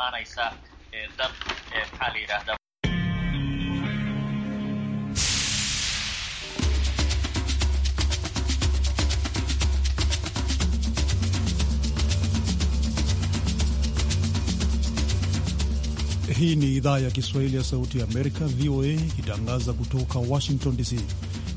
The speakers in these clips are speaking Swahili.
imaanaysa dab maxaa la yidhahda Hii ni idhaa ya Kiswahili ya Sauti ya Amerika, VOA, ikitangaza kutoka Washington DC.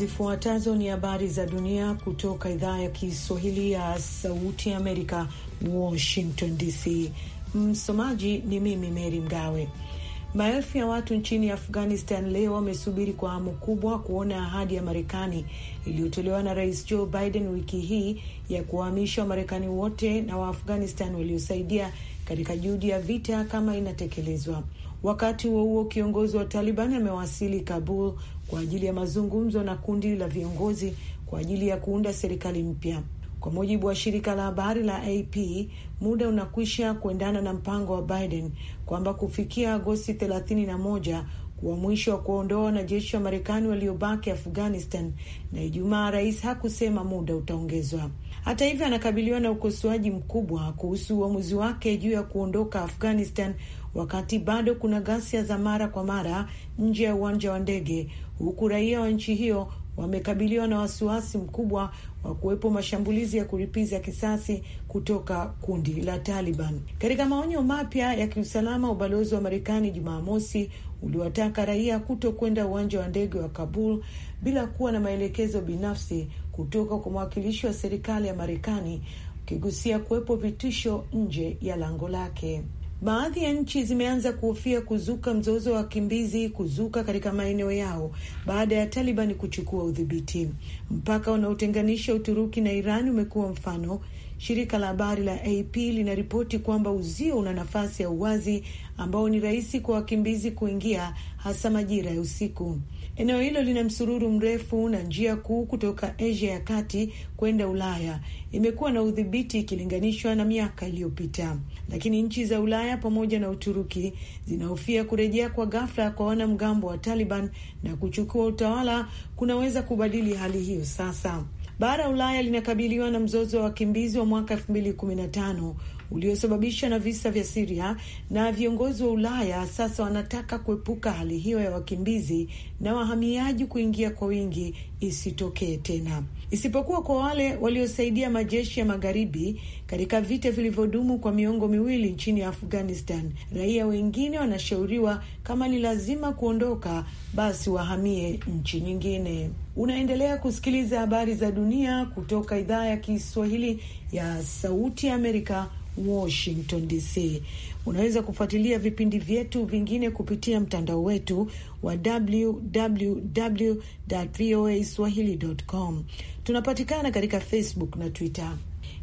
Zifuatazo ni habari za dunia kutoka idhaa ya Kiswahili ya Sauti Amerika, Washington DC. Msomaji ni mimi Meri Mgawe. Maelfu ya watu nchini Afghanistan leo wamesubiri kwa hamu kubwa kuona ahadi ya Marekani iliyotolewa na Rais Joe Biden wiki hii ya kuwahamisha Wamarekani wote na Waafghanistan waliosaidia katika juhudi ya vita kama inatekelezwa. Wakati huo huo, kiongozi wa Taliban amewasili Kabul kwa ajili ya mazungumzo na kundi la viongozi kwa ajili ya kuunda serikali mpya. Kwa mujibu wa shirika la habari la AP, muda unakwisha kuendana na mpango wa Biden kwamba kufikia Agosti 31 kuwa mwisho wa kuondoa wanajeshi wa Marekani waliobaki Afghanistan, na Ijumaa rais hakusema muda utaongezwa. Hata hivyo, anakabiliwa na ukosoaji mkubwa kuhusu uamuzi wake juu ya kuondoka Afghanistan wakati bado kuna ghasia za mara kwa mara nje ya uwanja wa ndege huku raia wa nchi hiyo wamekabiliwa na wasiwasi mkubwa wa kuwepo mashambulizi ya kulipiza kisasi kutoka kundi la Taliban. Katika maonyo mapya ya kiusalama, ubalozi wa Marekani Jumamosi uliwataka raia kuto kwenda uwanja wa ndege wa Kabul bila kuwa na maelekezo binafsi kutoka kwa mwakilishi wa serikali ya Marekani, ukigusia kuwepo vitisho nje ya lango lake. Baadhi ya nchi zimeanza kuhofia kuzuka mzozo wa wakimbizi kuzuka katika maeneo yao baada ya Taliban kuchukua udhibiti. Mpaka unaotenganisha Uturuki na Iran umekuwa mfano. Shirika la habari la AP linaripoti kwamba uzio una nafasi ya uwazi ambao ni rahisi kwa wakimbizi kuingia, hasa majira ya usiku. Eneo hilo lina msururu mrefu na njia kuu kutoka Asia ya kati kwenda Ulaya imekuwa na udhibiti ikilinganishwa na miaka iliyopita, lakini nchi za Ulaya pamoja na Uturuki zinahofia kurejea kwa ghafla kwa wanamgambo wa Taliban na kuchukua utawala kunaweza kubadili hali hiyo. EU sasa. Bara ya Ulaya linakabiliwa na mzozo wa wakimbizi wa mwaka 2015 uliosababishwa na visa vya Siria, na viongozi wa Ulaya sasa wanataka kuepuka hali hiyo ya wakimbizi na wahamiaji kuingia kwa wingi isitokee tena, isipokuwa kwa wale waliosaidia majeshi ya magharibi katika vita vilivyodumu kwa miongo miwili nchini Afghanistan. Raia wengine wanashauriwa kama ni lazima kuondoka, basi wahamie nchi nyingine. Unaendelea kusikiliza habari za dunia kutoka idhaa ya Kiswahili ya Sauti ya Amerika, Washington DC. Unaweza kufuatilia vipindi vyetu vingine kupitia mtandao wetu wa www voa swahili.com. Tunapatikana katika Facebook na Twitter.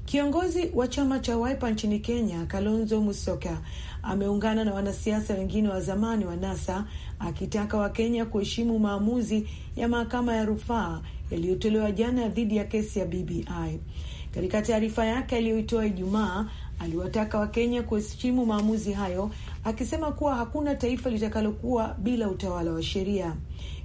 Kiongozi wa chama cha Wiper nchini Kenya, Kalonzo Musyoka, ameungana na wanasiasa wengine wa zamani wa NASA akitaka Wakenya kuheshimu maamuzi ya mahakama ya rufaa yaliyotolewa jana dhidi ya kesi ya BBI. Katika taarifa yake aliyoitoa Ijumaa, aliwataka Wakenya kuheshimu maamuzi hayo, akisema kuwa hakuna taifa litakalokuwa bila utawala wa sheria.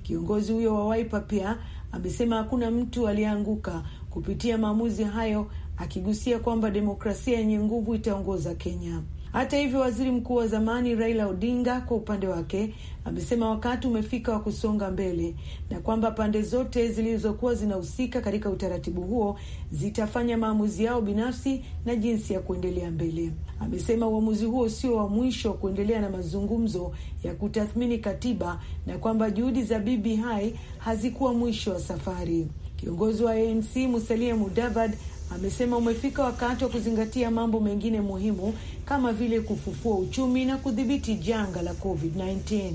Kiongozi huyo wa waipa pia amesema hakuna mtu aliyeanguka kupitia maamuzi hayo, akigusia kwamba demokrasia yenye nguvu itaongoza Kenya. Hata hivyo, waziri mkuu wa zamani Raila Odinga kwa upande wake amesema wakati umefika wa kusonga mbele na kwamba pande zote zilizokuwa zinahusika katika utaratibu huo zitafanya maamuzi yao binafsi na jinsi ya kuendelea mbele. Amesema uamuzi huo sio wa mwisho wa kuendelea na mazungumzo ya kutathmini katiba na kwamba juhudi za BBI hazikuwa mwisho wa safari. Kiongozi wa ANC Musalia Mudavadi amesema umefika wakati wa kuzingatia mambo mengine muhimu kama vile kufufua uchumi na kudhibiti janga la COVID-19.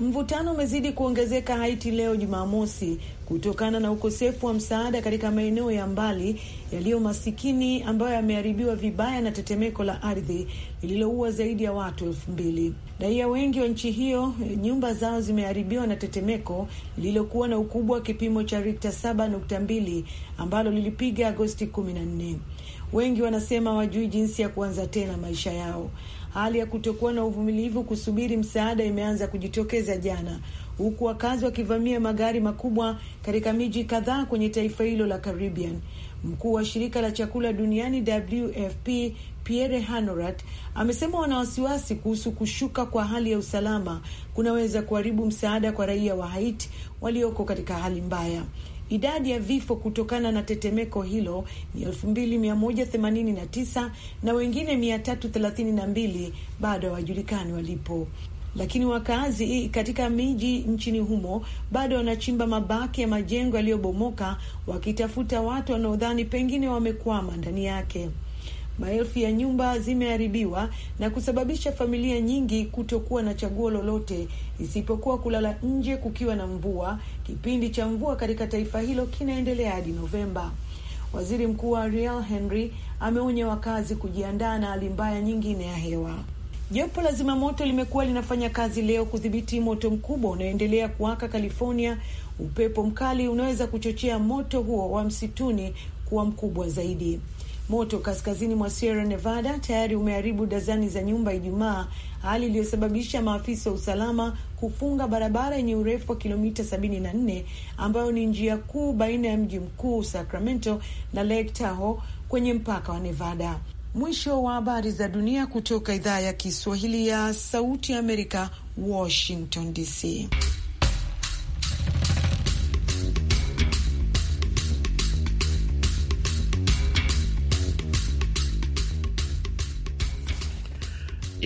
Mvutano umezidi kuongezeka Haiti leo Jumamosi kutokana na ukosefu wa msaada katika maeneo ya mbali yaliyo masikini ambayo yameharibiwa vibaya na tetemeko la ardhi lililoua zaidi ya watu elfu mbili. Raia wengi wa nchi hiyo eh, nyumba zao zimeharibiwa na tetemeko lililokuwa na ukubwa wa kipimo cha Rikta 7.2 ambalo lilipiga Agosti na nne Wengi wanasema wajui jinsi ya kuanza tena maisha yao. Hali ya kutokuwa na uvumilivu kusubiri msaada imeanza kujitokeza jana, huku wakazi wakivamia magari makubwa katika miji kadhaa kwenye taifa hilo la Caribbean. Mkuu wa shirika la chakula duniani WFP Pierre Hanorat amesema wana wasiwasi kuhusu kushuka kwa hali ya usalama kunaweza kuharibu msaada kwa raia wa Haiti walioko katika hali mbaya. Idadi ya vifo kutokana na tetemeko hilo ni 2189 na wengine 332 bado hawajulikani walipo lakini wakazi katika miji nchini humo bado wanachimba mabaki ya majengo yaliyobomoka wakitafuta watu wanaodhani pengine wamekwama ndani yake. Maelfu ya nyumba zimeharibiwa na kusababisha familia nyingi kutokuwa na chaguo lolote isipokuwa kulala nje kukiwa na mvua. Kipindi cha mvua katika taifa hilo kinaendelea hadi Novemba. Waziri Mkuu wa Ariel Henry ameonya wakazi kujiandaa na hali mbaya nyingine ya hewa. Jopo la zimamoto limekuwa linafanya kazi leo kudhibiti moto mkubwa unaoendelea kuwaka California. Upepo mkali unaweza kuchochea moto huo wa msituni kuwa mkubwa zaidi. Moto kaskazini mwa Sierra Nevada tayari umeharibu dazani za nyumba Ijumaa, hali iliyosababisha maafisa wa usalama kufunga barabara yenye urefu wa kilomita 74 ambayo ni njia kuu baina ya mji mkuu Sacramento na Lake Tahoe kwenye mpaka wa Nevada. Mwisho wa habari za dunia kutoka idhaa ya Kiswahili ya Sauti ya Amerika, Washington DC.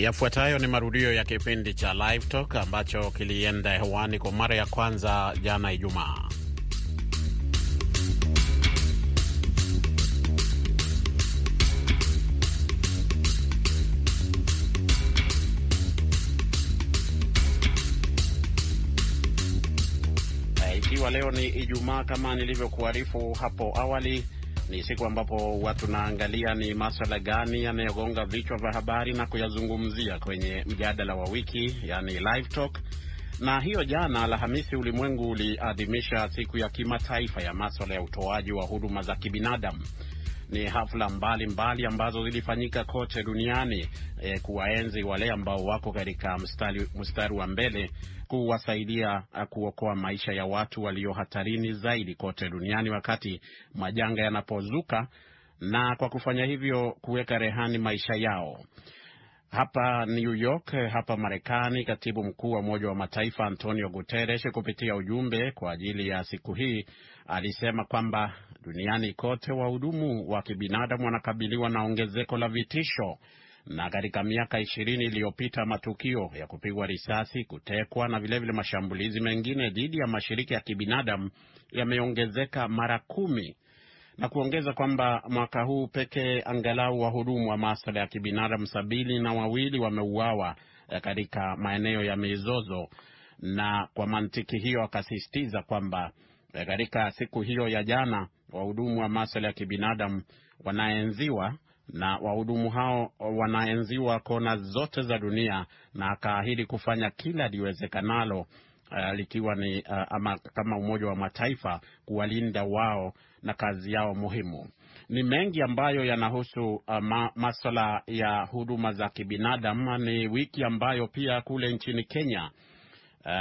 Yafuatayo ni marudio ya kipindi cha Live Talk ambacho kilienda hewani kwa mara ya kwanza jana Ijumaa. Eh, ikiwa leo ni Ijumaa, kama nilivyokuarifu hapo awali ni siku ambapo watu naangalia ni maswala gani yanayogonga vichwa vya habari na kuyazungumzia kwenye mjadala wa wiki, yani live talk. Na hiyo jana Alhamisi, ulimwengu uliadhimisha siku ya kimataifa ya maswala ya utoaji wa huduma za kibinadamu. Ni hafla mbalimbali mbali ambazo zilifanyika kote duniani, e, kuwaenzi wale ambao wako katika mstari wa mbele kuwasaidia eh, kuokoa maisha ya watu walio hatarini zaidi kote duniani wakati majanga yanapozuka na kwa kufanya hivyo kuweka rehani maisha yao. Hapa New York, hapa Marekani, katibu mkuu wa Umoja wa Mataifa Antonio Guterres, kupitia ujumbe kwa ajili ya siku hii, alisema kwamba duniani kote wahudumu wa kibinadamu wanakabiliwa na ongezeko la vitisho na katika miaka ishirini iliyopita matukio ya kupigwa risasi, kutekwa na vilevile vile mashambulizi mengine dhidi ya mashirika ya kibinadamu yameongezeka mara kumi na kuongeza kwamba mwaka huu pekee angalau wahudumu wa maswala ya kibinadamu sabini na wawili wameuawa eh, katika maeneo ya mizozo. Na kwa mantiki hiyo akasisitiza kwamba eh, katika siku hiyo ya jana wahudumu wa maswala ya kibinadamu wanaenziwa na wahudumu hao wanaenziwa kona zote za dunia, na akaahidi kufanya kila liwezekanalo Uh, likiwa ni uh, ama kama Umoja wa Mataifa kuwalinda wao na kazi yao muhimu. Ni mengi ambayo yanahusu uh, ma, maswala ya huduma za kibinadamu. Ni wiki ambayo pia kule nchini Kenya uh,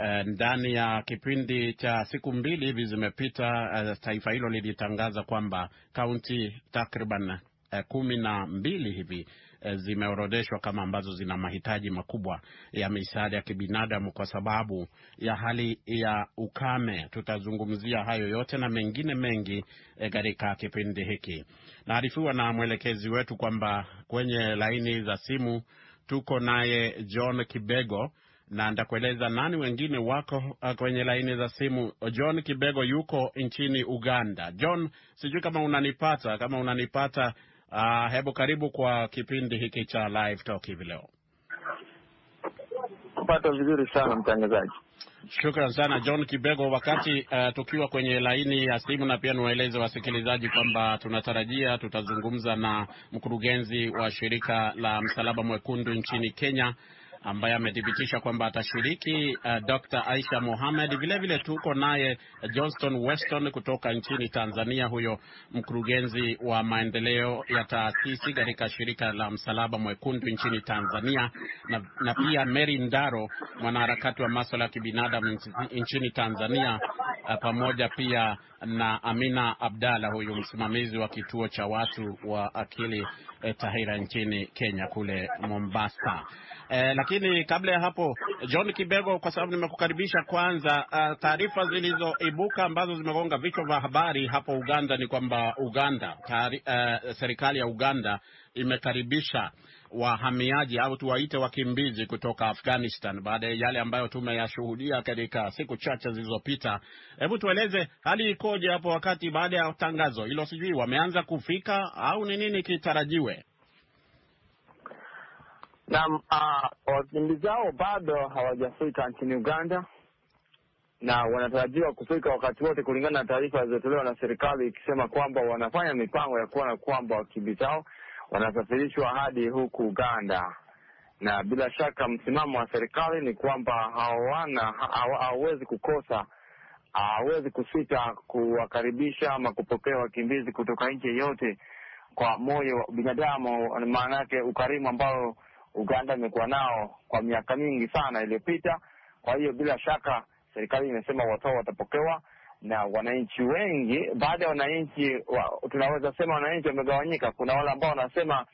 uh, ndani ya kipindi cha siku mbili hivi zimepita, uh, taifa hilo lilitangaza kwamba kaunti takriban Eh, kumi na mbili hivi eh, zimeorodheshwa kama ambazo zina mahitaji makubwa ya misaada ya kibinadamu kwa sababu ya hali ya ukame. Tutazungumzia hayo yote na mengine mengi eh, katika kipindi hiki. Naarifiwa na mwelekezi wetu kwamba kwenye laini za simu tuko naye John Kibego na ndakueleza nani wengine wako kwenye laini za simu. John Kibego yuko nchini Uganda. John, sijui kama unanipata, kama unanipata Uh, hebu karibu kwa kipindi hiki cha Live Talk hivi leo. Kupata vizuri sana mtangazaji. Shukran sana John Kibego. Wakati uh, tukiwa kwenye laini ya simu, na pia niwaeleze wasikilizaji kwamba tunatarajia tutazungumza na mkurugenzi wa shirika la Msalaba Mwekundu nchini Kenya ambaye amethibitisha kwamba atashiriki. Uh, eh, Dr. Aisha Mohamed, vilevile tuko naye eh, Johnston Weston kutoka nchini Tanzania, huyo mkurugenzi wa maendeleo ya taasisi katika shirika la Msalaba Mwekundu nchini Tanzania, na, na pia Mary Ndaro, mwanaharakati wa maswala ya kibinadamu nchini Tanzania, eh, pamoja pia na Amina Abdalla, huyu msimamizi wa kituo cha watu wa akili e, Tahira nchini Kenya kule Mombasa. E, lakini kabla ya hapo John Kibego, kwa sababu nimekukaribisha kwanza, uh, taarifa zilizoibuka ambazo zimegonga vichwa vya habari hapo Uganda ni kwamba Uganda tari, uh, serikali ya Uganda imekaribisha wahamiaji au tuwaite wakimbizi kutoka Afghanistan baada ya yale ambayo tumeyashuhudia katika siku chache zilizopita. Hebu tueleze hali ikoje hapo wakati baada ya tangazo hilo, sijui wameanza kufika au ni nini kitarajiwe? Naam, uh, wakimbizi hao bado hawajafika nchini Uganda na wanatarajiwa kufika wakati wote, kulingana na taarifa zilizotolewa na serikali ikisema kwamba wanafanya mipango ya kuona kwamba wakimbizi hao wanasafirishwa hadi huku Uganda, na bila shaka msimamo wa serikali ni kwamba hawana hawawezi kukosa hawezi kusita kuwakaribisha ama kupokea wakimbizi kutoka nchi yeyote kwa moyo wa binadamu, maana yake ukarimu ambao Uganda imekuwa nao kwa miaka mingi sana iliyopita. Kwa hiyo bila shaka serikali imesema watoa watapokewa na wananchi wengi, baada ya wananchi wa, tunaweza sema wananchi wamegawanyika. Kuna wale ambao wanasema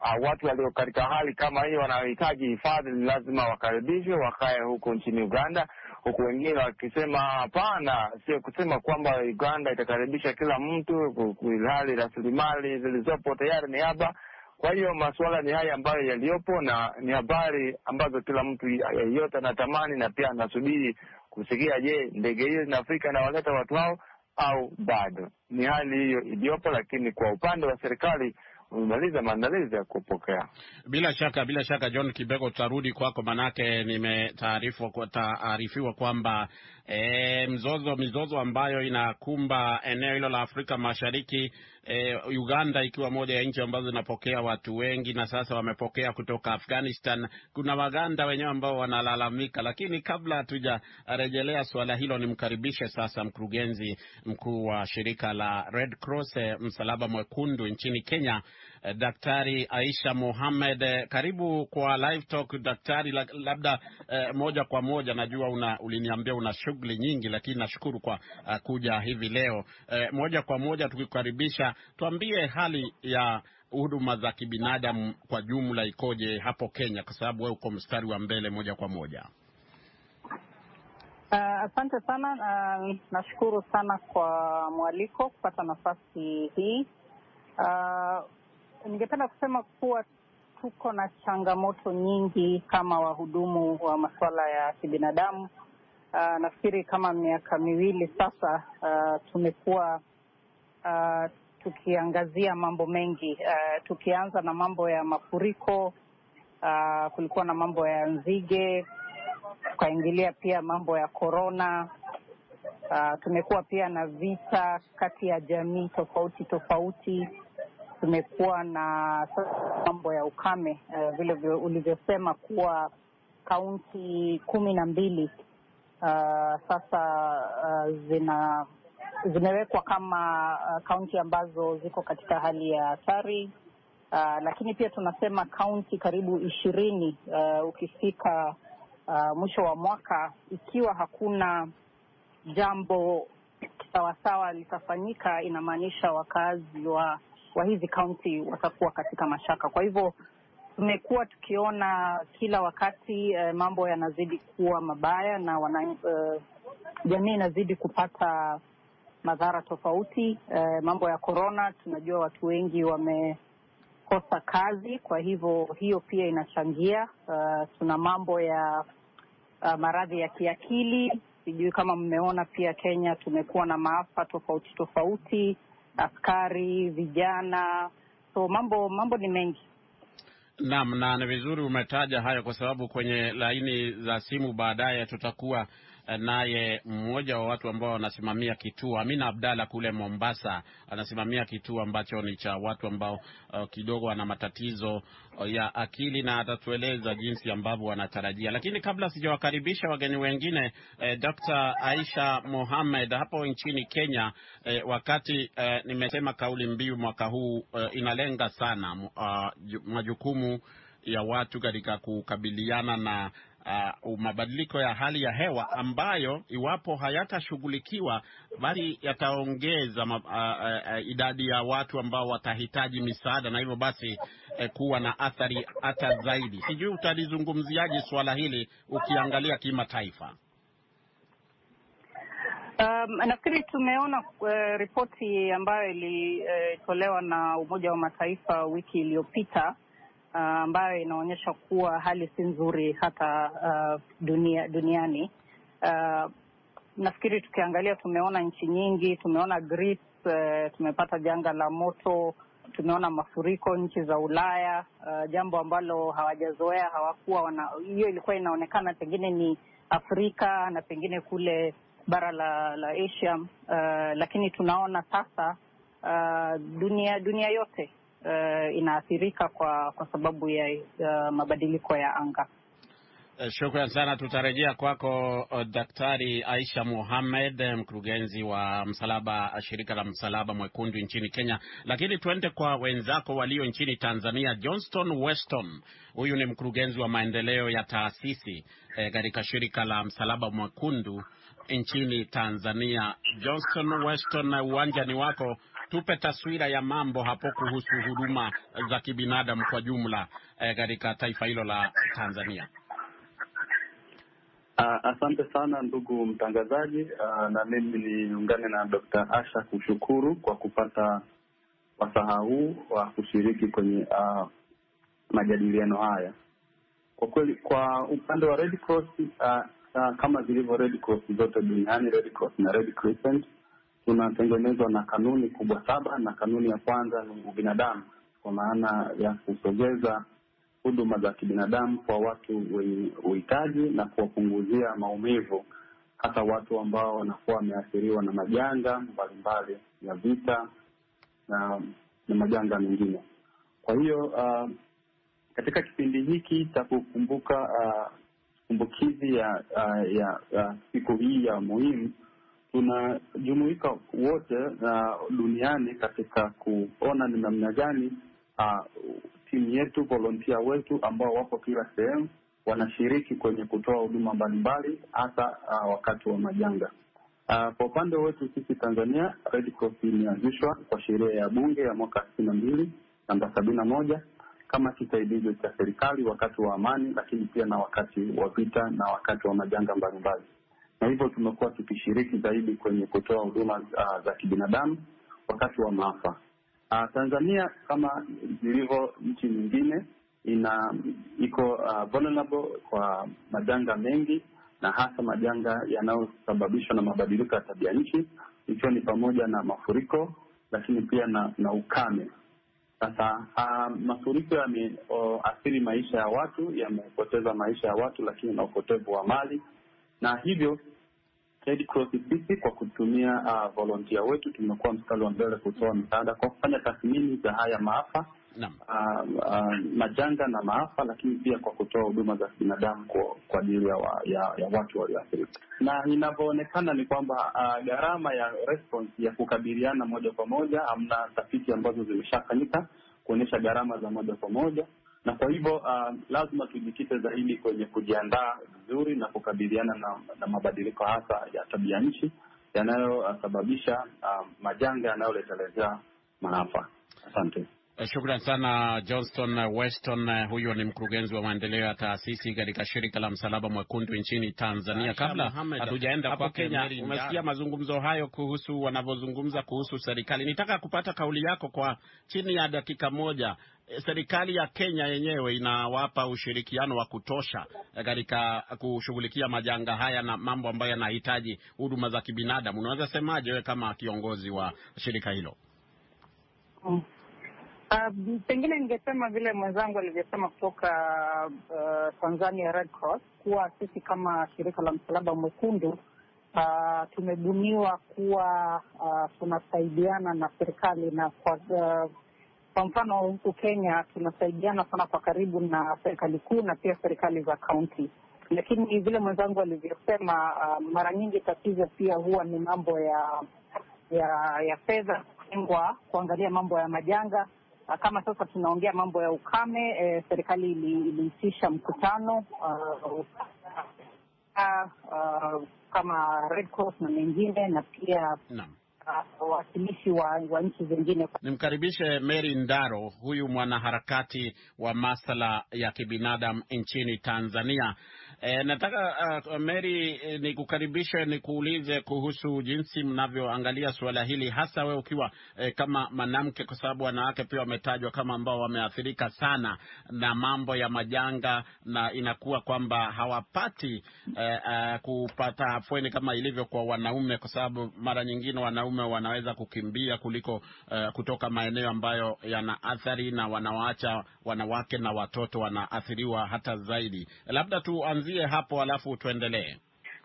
uh, watu walio katika hali kama hiyo wanahitaji hifadhi lazima wakaribishwe wakae huko nchini Uganda, huku wengine wakisema hapana, sio kusema kwamba Uganda itakaribisha kila mtu, ilhali rasilimali zilizopo tayari ni haba. Kwa hiyo masuala ni haya ambayo yaliyopo, na ni habari ambazo kila mtu yeyote anatamani na pia anasubiri kusikia, je, ndege hiyo zinafika na waleta watu hao au bado? Ni hali hiyo iliyopo, lakini kwa upande wa serikali umemaliza maandalizi ya kupokea. Bila shaka, bila shaka, John Kibego, tutarudi kwako, manake nimetaarifiwa kwamba e, mzozo mizozo ambayo inakumba eneo hilo la Afrika Mashariki e, Uganda ikiwa moja ya nchi ambazo zinapokea watu wengi na sasa wamepokea kutoka Afghanistan. Kuna Waganda wenyewe ambao wanalalamika, lakini kabla hatujarejelea suala hilo, nimkaribishe sasa mkurugenzi mkuu wa shirika la Red Cross eh, msalaba mwekundu nchini Kenya Eh, Daktari Aisha Mohamed, eh, karibu kwa Live Talk. Daktari, labda eh, moja kwa moja, najua una, uliniambia una shughuli nyingi, lakini nashukuru kwa uh, kuja hivi leo eh, moja kwa moja tukikukaribisha, tuambie hali ya huduma za kibinadamu kwa jumla ikoje hapo Kenya, kwa sababu wewe uko mstari wa mbele moja kwa moja. Asante sana uh, nashukuru sana kwa mwaliko kupata nafasi hii uh, Ningependa kusema kuwa tuko na changamoto nyingi kama wahudumu wa masuala ya kibinadamu. Uh, nafikiri kama miaka miwili sasa, uh, tumekuwa uh, tukiangazia mambo mengi uh, tukianza na mambo ya mafuriko uh, kulikuwa na mambo ya nzige, tukaingilia pia mambo ya korona. Uh, tumekuwa pia na vita kati ya jamii tofauti tofauti tumekuwa na mambo ya ukame uh, vile ulivyosema kuwa kaunti kumi na mbili uh, sasa uh, zina zimewekwa kama kaunti uh, ambazo ziko katika hali ya hatari uh, lakini pia tunasema kaunti karibu ishirini uh, ukifika uh, mwisho wa mwaka ikiwa hakuna jambo sawasawa litafanyika, inamaanisha wakazi wa wa hizi kaunti watakuwa katika mashaka. Kwa hivyo tumekuwa tukiona kila wakati eh, mambo yanazidi kuwa mabaya na wana, eh, jamii inazidi kupata madhara tofauti. Eh, mambo ya korona, tunajua watu wengi wamekosa kazi, kwa hivyo hiyo pia inachangia. Eh, tuna mambo ya uh, maradhi ya kiakili, sijui kama mmeona pia Kenya tumekuwa na maafa tofauti tofauti askari, vijana, so mambo mambo ni mengi. Naam, na ni vizuri umetaja hayo kwa sababu kwenye laini za simu baadaye tutakuwa naye mmoja wa watu ambao wanasimamia kituo, Amina Abdalla kule Mombasa, anasimamia kituo ambacho ni cha watu ambao uh, kidogo wana matatizo uh, ya akili na atatueleza jinsi ambavyo wanatarajia. Lakini kabla sijawakaribisha wageni wengine eh, Dr. Aisha Mohamed hapo nchini Kenya eh, wakati eh, nimesema kauli mbiu mwaka huu eh, inalenga sana uh, majukumu ya watu katika kukabiliana na uh, mabadiliko ya hali ya hewa ambayo iwapo hayatashughulikiwa bali yataongeza uh, uh, uh, idadi ya watu ambao watahitaji misaada na hivyo basi uh, kuwa na athari hata zaidi. Sijui utalizungumziaje suala hili ukiangalia kimataifa? Um, nafikiri tumeona uh, ripoti ambayo ilitolewa uh, na Umoja wa Mataifa wiki iliyopita Uh, ambayo inaonyesha kuwa hali si nzuri hata uh, dunia, duniani uh, nafikiri tukiangalia, tumeona nchi nyingi, tumeona Greece, uh, tumepata janga la moto, tumeona mafuriko nchi za Ulaya, uh, jambo ambalo hawajazoea hawakuwa wana, hiyo ilikuwa inaonekana pengine ni Afrika na pengine kule bara la, la Asia, uh, lakini tunaona sasa uh, dunia dunia yote uh, inaathirika kwa kwa sababu ya uh, mabadiliko ya anga. Eh, shukran sana, tutarejea kwako eh, Daktari Aisha Mohamed, mkurugenzi wa msalaba shirika la msalaba mwekundu nchini Kenya, lakini tuende kwa wenzako walio nchini Tanzania. Johnston Weston, huyu ni mkurugenzi wa maendeleo ya taasisi katika e, shirika la msalaba mwekundu nchini Tanzania. Johnston Weston, uwanja ni wako tupe taswira ya mambo hapo kuhusu huduma za kibinadamu kwa jumla eh, katika taifa hilo la Tanzania. Uh, asante sana ndugu mtangazaji. Uh, na mimi niungane na Dr. Asha kushukuru kwa kupata wasaha huu wa kushiriki kwenye uh, majadiliano haya. Kwa kweli, kwa upande wa Red Cross uh, uh, kama zilivyo Red Cross zote duniani, Red Cross na Red Crescent tunatengenezwa na kanuni kubwa saba, na kanuni ya kwanza ni ubinadamu, kwa maana ya kusogeza huduma za kibinadamu kwa watu wenye uhitaji na kuwapunguzia maumivu, hasa watu ambao wanakuwa wameathiriwa na majanga mbalimbali ya vita na, na majanga mengine. Kwa hiyo uh, katika kipindi hiki cha kukumbuka uh, kumbukizi ya, uh, ya, ya uh, siku hii ya muhimu tunajumuika wote uh, duniani katika kuona ni namna gani uh, timu yetu volontia wetu ambao wapo kila sehemu wanashiriki kwenye kutoa huduma mbalimbali hasa uh, wakati wa majanga. Uh, kwa upande wetu sisi Tanzania, Red Cross imeanzishwa kwa sheria ya Bunge ya mwaka sitini na mbili namba sabini na moja kama kisaidizo cha serikali wakati wa amani, lakini pia na wakati wa vita na wakati wa majanga mbalimbali na hivyo tumekuwa tukishiriki zaidi kwenye kutoa huduma uh, za kibinadamu wakati wa maafa. Uh, Tanzania kama zilivyo nchi nyingine ina iko uh, vulnerable kwa majanga mengi na hasa majanga yanayosababishwa na mabadiliko ya tabia nchi ikiwa ni pamoja na mafuriko lakini pia na, na ukame. Sasa uh, mafuriko yameathiri maisha ya watu, yamepoteza maisha ya watu, lakini na upotevu wa mali na hivyo Red Cross sisi kwa kutumia uh, volontia wetu tumekuwa mstari wa mbele kutoa msaada kwa kufanya tathmini za haya maafa uh, uh, majanga na maafa, lakini pia kwa kutoa huduma za kibinadamu kwa, kwa ajili ya, wa, ya, ya watu walioathirika, na inavyoonekana ni kwamba uh, gharama ya response ya kukabiliana moja kwa moja, amna tafiti ambazo zimeshafanyika kuonyesha gharama za moja kwa moja na kwa hivyo uh, lazima tujikite zaidi kwenye kujiandaa vizuri na kukabiliana na, na mabadiliko hasa ya tabia nchi yanayosababisha uh, majanga yanayoletelezea maafa. Asante. Eh, shukran sana Johnston Weston, huyo ni mkurugenzi wa maendeleo ya taasisi katika shirika la Msalaba Mwekundu nchini Tanzania. Kabla hatujaenda kwa Kenya, umesikia mazungumzo hayo kuhusu wanavyozungumza kuhusu serikali. Nitaka kupata kauli yako kwa chini ya dakika moja. Eh, serikali ya Kenya yenyewe inawapa ushirikiano wa kutosha eh, katika kushughulikia majanga haya na mambo ambayo yanahitaji huduma za kibinadamu. Unaweza semaje wewe kama kiongozi wa shirika hilo? Uh, pengine ningesema vile mwenzangu alivyosema kutoka uh, Tanzania Red Cross kuwa sisi kama shirika la Msalaba Mwekundu uh, tumebuniwa kuwa uh, tunasaidiana na serikali na kwa uh, kwa mfano huku Kenya tunasaidiana sana kwa karibu na serikali kuu na pia serikali za kaunti, lakini vile mwenzangu alivyosema, uh, mara nyingi tatizo pia huwa ni mambo ya ya ya fedha kutengwa kuangalia mambo ya majanga uh, kama sasa tunaongea mambo ya ukame eh, serikali iliitisha mkutano uh, uh, uh, kama Red Cross na mengine na pia no wawakilishi wa, wa nchi zingine. Nimkaribishe Mary Ndaro, huyu mwanaharakati wa masuala ya kibinadamu nchini Tanzania E, nataka uh, Mary eh, nikukaribishe nikuulize kuhusu jinsi mnavyoangalia suala hili hasa we ukiwa eh, kama mwanamke, kwa sababu wanawake pia wametajwa kama ambao wameathirika sana na mambo ya majanga, na inakuwa kwamba hawapati eh, uh, kupata afueni kama ilivyo kwa wanaume, kwa sababu mara nyingine wanaume wanaweza kukimbia kuliko eh, kutoka maeneo ambayo yana athari na wanawaacha wanawake na watoto wanaathiriwa hata zaidi. Labda tu tuanzie hapo alafu tuendelee.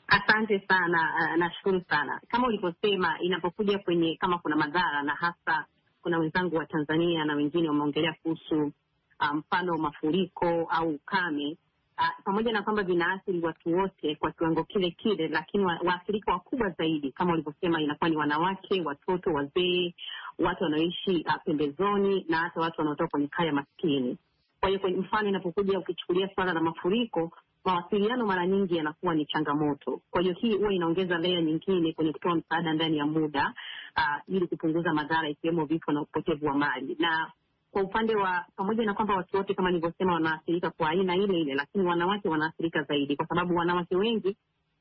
Asante sana, eh, nashukuru sana. Kama ulivyosema, inapokuja kwenye kama kuna madhara, na hasa kuna wenzangu wa Tanzania na wengine wameongelea kuhusu ah, mfano um, mafuriko au ukame uh, pamoja na kwamba vinaathiri watu wote kwa kiwango kile kile, lakini waathirika wa wakubwa zaidi kama ulivyosema inakuwa ni wanawake, watoto, wazee, watu wanaoishi uh, pembezoni na hata watu wanaotoka kwenye kaya maskini. Kwa hiyo mfano inapokuja ukichukulia suala la mafuriko, mawasiliano mara nyingi yanakuwa ni changamoto. Kwa hiyo hii huwa inaongeza lea nyingine kwenye kutoa msaada ndani ya muda uh, ili kupunguza madhara ikiwemo vifo na upotevu wa mali na kwa upande wa pamoja na kwamba watu wote kama nilivyosema wanaathirika kwa aina ile ile, lakini wanawake wanaathirika zaidi, kwa sababu wanawake wengi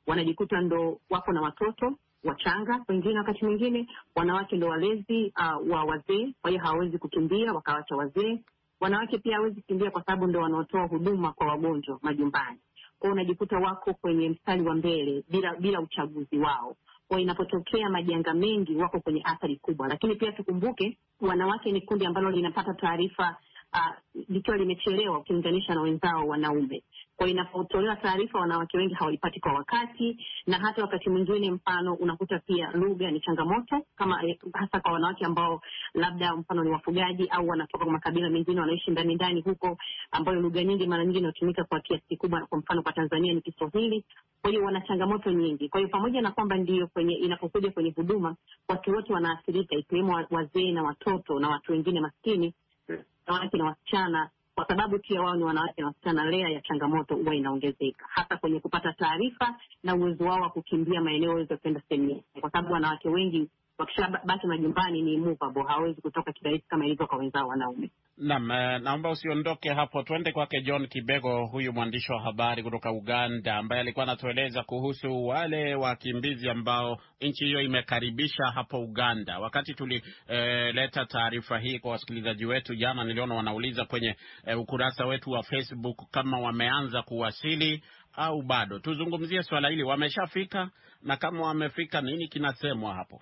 wanajikuta ndo wako na watoto wachanga, wengine wakati mwingine wanawake ndo walezi uh, wa wazee, kwa hiyo hawawezi kukimbia wakawacha wazee. Wanawake pia hawezi kukimbia kwa sababu ndo wanaotoa huduma kwa wagonjwa majumbani unajikuta wako kwenye mstari wa mbele bila bila uchaguzi wao. Kwa inapotokea majanga mengi, wako kwenye athari kubwa. Lakini pia tukumbuke, wanawake ni kundi ambalo linapata taarifa ah, likiwa uh, limechelewa ukilinganisha na wenzao wanaume. Kwa inapotolewa taarifa, wanawake wengi hawaipati kwa wakati, na hata wakati mwingine, mfano unakuta pia lugha ni changamoto, kama eh, hasa kwa wanawake ambao labda mfano ni wafugaji au wanatoka kwa makabila mengine, wanaishi ndani ndani huko, ambayo lugha nyingi mara nyingi inatumika kwa kiasi kikubwa, kwa mfano kwa Tanzania ni Kiswahili. Kwa hiyo wana changamoto nyingi. Kwa hiyo pamoja na kwamba ndiyo kwenye inapokuja kwenye huduma, watu wote wanaathirika, ikiwemo wazee na watoto na watu wengine maskini, hmm. wanawake na wasichana kwa sababu pia wao ni wanawake na wasichana, lea ya changamoto huwa inaongezeka hasa kwenye kupata taarifa na uwezo wao wa kukimbia maeneo waweze kwenda sehemu, kwa sababu wanawake wengi wakishabaki majumbani ni movable, hawezi kutoka kirahisi kama ilivyo kwa wenzao wanaume. Naam, eh, naomba usiondoke hapo, tuende kwake John Kibego, huyu mwandishi wa habari kutoka Uganda ambaye alikuwa anatueleza kuhusu wale wakimbizi ambao nchi hiyo imekaribisha hapo Uganda. Wakati tulileta eh, e, taarifa hii kwa wasikilizaji wetu jana, niliona wanauliza kwenye e, ukurasa wetu wa Facebook kama wameanza kuwasili au bado. Tuzungumzie swala hili, wameshafika na kama wamefika, nini kinasemwa hapo?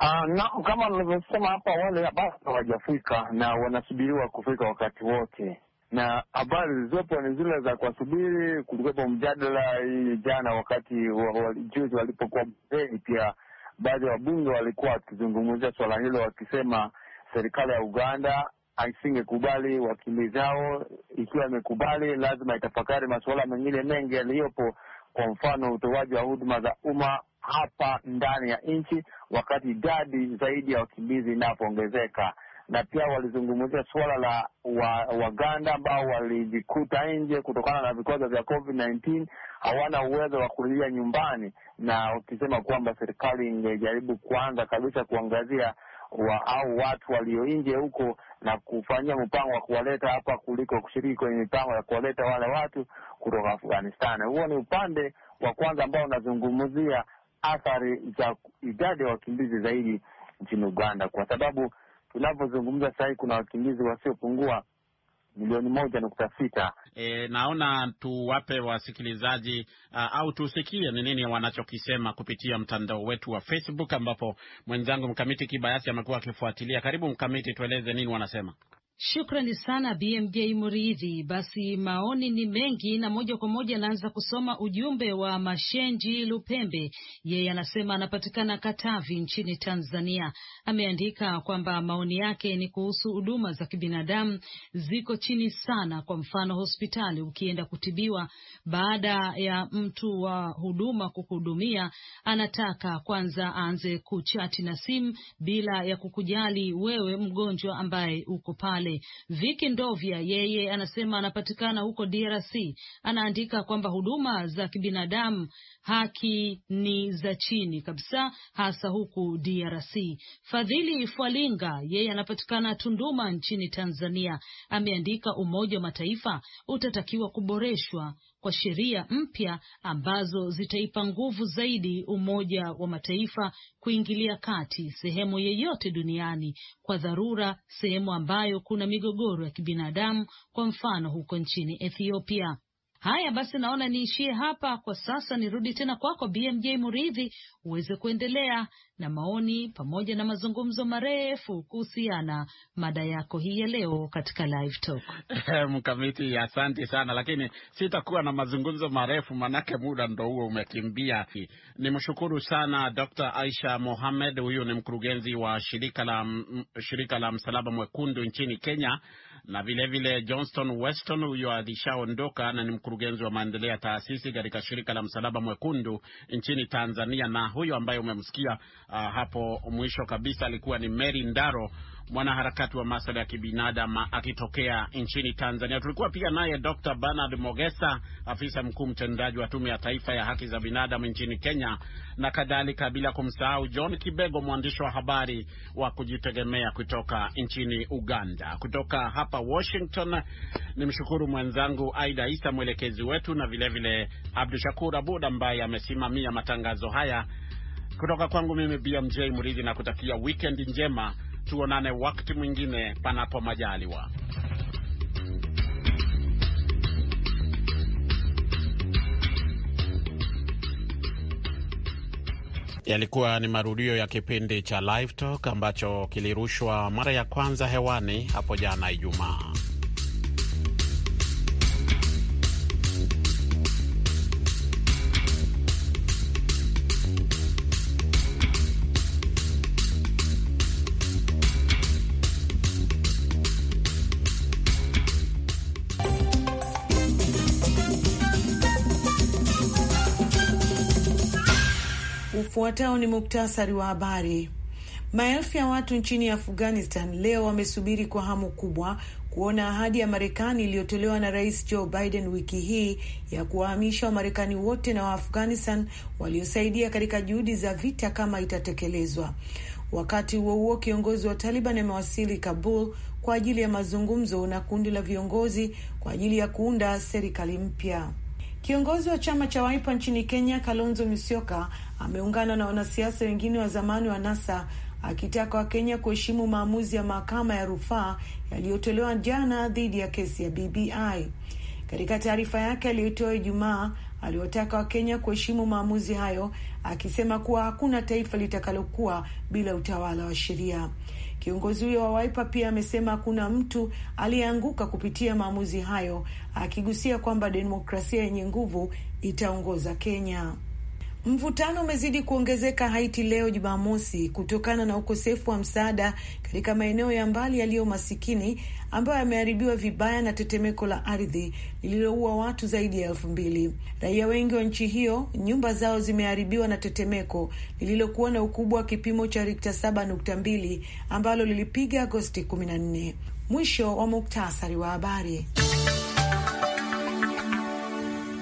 Uh, na kama nilivyosema hapo wale basi hawajafika na wanasubiriwa kufika wakati wote, na habari zilizopo ni zile za kuwasubiri. Kulikuwepo mjadala hii jana, wakati juzi walipokuwa bungeni, pia baadhi ya wabunge walikuwa wakizungumzia suala hilo, wakisema serikali ya Uganda asingekubali wakimbizi hao. Ikiwa imekubali, lazima itafakari masuala mengine mengi yaliyopo, kwa mfano utoaji wa huduma za umma hapa ndani ya nchi, wakati idadi zaidi ya wakimbizi inapoongezeka. Na pia walizungumzia suala la Waganda wa ambao walijikuta nje kutokana na vikwazo vya covid hawana uwezo wa kurudia nyumbani, na ukisema kwamba serikali ingejaribu kwanza kabisa kuangazia wa, au watu walio nje huko na kufanyia mpango wa kuwaleta hapa kuliko kushiriki kwenye mipango ya kuwaleta wale watu kutoka Afghanistan. Huo ni upande wa kwanza ambao unazungumzia athari za idadi ya wakimbizi zaidi nchini Uganda, kwa sababu tunavyozungumza sasa hivi kuna wakimbizi wasiopungua milioni moja nukta sita. E, naona tuwape wasikilizaji uh, au tusikie ni nini wanachokisema kupitia mtandao wetu wa Facebook ambapo mwenzangu Mkamiti Kibayasi amekuwa akifuatilia. Karibu Mkamiti, tueleze nini wanasema. Shukrani sana BMJ Muridhi. Basi maoni ni mengi, na moja kwa moja naanza kusoma ujumbe wa Mashenji Lupembe. Yeye anasema anapatikana Katavi nchini Tanzania. Ameandika kwamba maoni yake ni kuhusu huduma za kibinadamu ziko chini sana. Kwa mfano, hospitali ukienda kutibiwa, baada ya mtu wa huduma kukuhudumia, anataka kwanza aanze kuchati na simu bila ya kukujali wewe mgonjwa ambaye uko pale pale. Viki Ndovya yeye anasema anapatikana huko DRC, anaandika kwamba huduma za kibinadamu haki ni za chini kabisa, hasa huku DRC. Fadhili Fwalinga yeye anapatikana Tunduma nchini Tanzania, ameandika Umoja wa Mataifa utatakiwa kuboreshwa kwa sheria mpya ambazo zitaipa nguvu zaidi Umoja wa Mataifa kuingilia kati sehemu yeyote duniani kwa dharura, sehemu ambayo kuna migogoro ya kibinadamu, kwa mfano huko nchini Ethiopia. Haya basi, naona niishie hapa kwa sasa, nirudi tena kwako BMJ Muridhi uweze kuendelea na maoni pamoja na mazungumzo marefu kuhusiana mada yako hii ya leo katika live talk. Mkamiti, asante sana, lakini sitakuwa na mazungumzo marefu manake muda ndo huo umekimbia. Nimshukuru sana Dr. Aisha Mohamed, huyu ni mkurugenzi wa shirika la, shirika la Msalaba Mwekundu nchini Kenya na vilevile vile Johnston Weston huyo alishaondoka na ni mkurugenzi wa maendeleo ya taasisi katika shirika la Msalaba Mwekundu nchini Tanzania, na huyo ambaye umemsikia uh, hapo mwisho kabisa alikuwa ni Mary Ndaro mwanaharakati wa maswala ya kibinadamu akitokea nchini Tanzania. Tulikuwa pia naye Dr. Bernard Mogesa, afisa mkuu mtendaji wa Tume ya Taifa ya Haki za Binadamu nchini Kenya na kadhalika, bila kumsahau John Kibego, mwandishi wa habari wa kujitegemea kutoka nchini Uganda. Kutoka hapa Washington, nimshukuru mwenzangu Aida Isa, mwelekezi wetu, na vilevile Abdu Shakur Abud ambaye amesimamia matangazo haya. Kutoka kwangu mimi BMJ Mridhi, na kutakia wikendi njema. Tuonane wakati mwingine, panapo majaliwa. Yalikuwa ni marudio ya kipindi cha Live Talk ambacho kilirushwa mara ya kwanza hewani hapo jana Ijumaa. Ufuatao ni muktasari wa habari. Maelfu ya watu nchini Afghanistan leo wamesubiri kwa hamu kubwa kuona ahadi ya Marekani iliyotolewa na Rais Joe Biden wiki hii ya kuwahamisha Wamarekani wote na Waafghanistan waliosaidia katika juhudi za vita kama itatekelezwa. Wakati huo huo, kiongozi wa Taliban amewasili Kabul kwa ajili ya mazungumzo na kundi la viongozi kwa ajili ya kuunda serikali mpya. Kiongozi wa chama cha waipa nchini Kenya, Kalonzo Musyoka, ameungana na wanasiasa wengine wa zamani wa NASA akitaka Wakenya kuheshimu maamuzi ya mahakama ya rufaa yaliyotolewa jana dhidi ya kesi ya BBI. Katika taarifa yake aliyotoa Ijumaa, aliwataka Wakenya kuheshimu maamuzi hayo, akisema kuwa hakuna taifa litakalokuwa bila utawala wa sheria. Kiongozi huyo wa Waipa pia amesema hakuna mtu aliyeanguka kupitia maamuzi hayo, akigusia kwamba demokrasia yenye nguvu itaongoza Kenya. Mvutano umezidi kuongezeka Haiti leo Jumamosi kutokana na ukosefu wa msaada katika maeneo ya mbali yaliyo masikini ambayo yameharibiwa vibaya na tetemeko la ardhi lililoua watu zaidi ya elfu mbili. Raia wengi wa nchi hiyo nyumba zao zimeharibiwa na tetemeko lililokuwa na ukubwa wa kipimo cha rikta nukta mbili ambalo lilipiga Agosti kumi na nne Mwisho wa muktasari wa habari.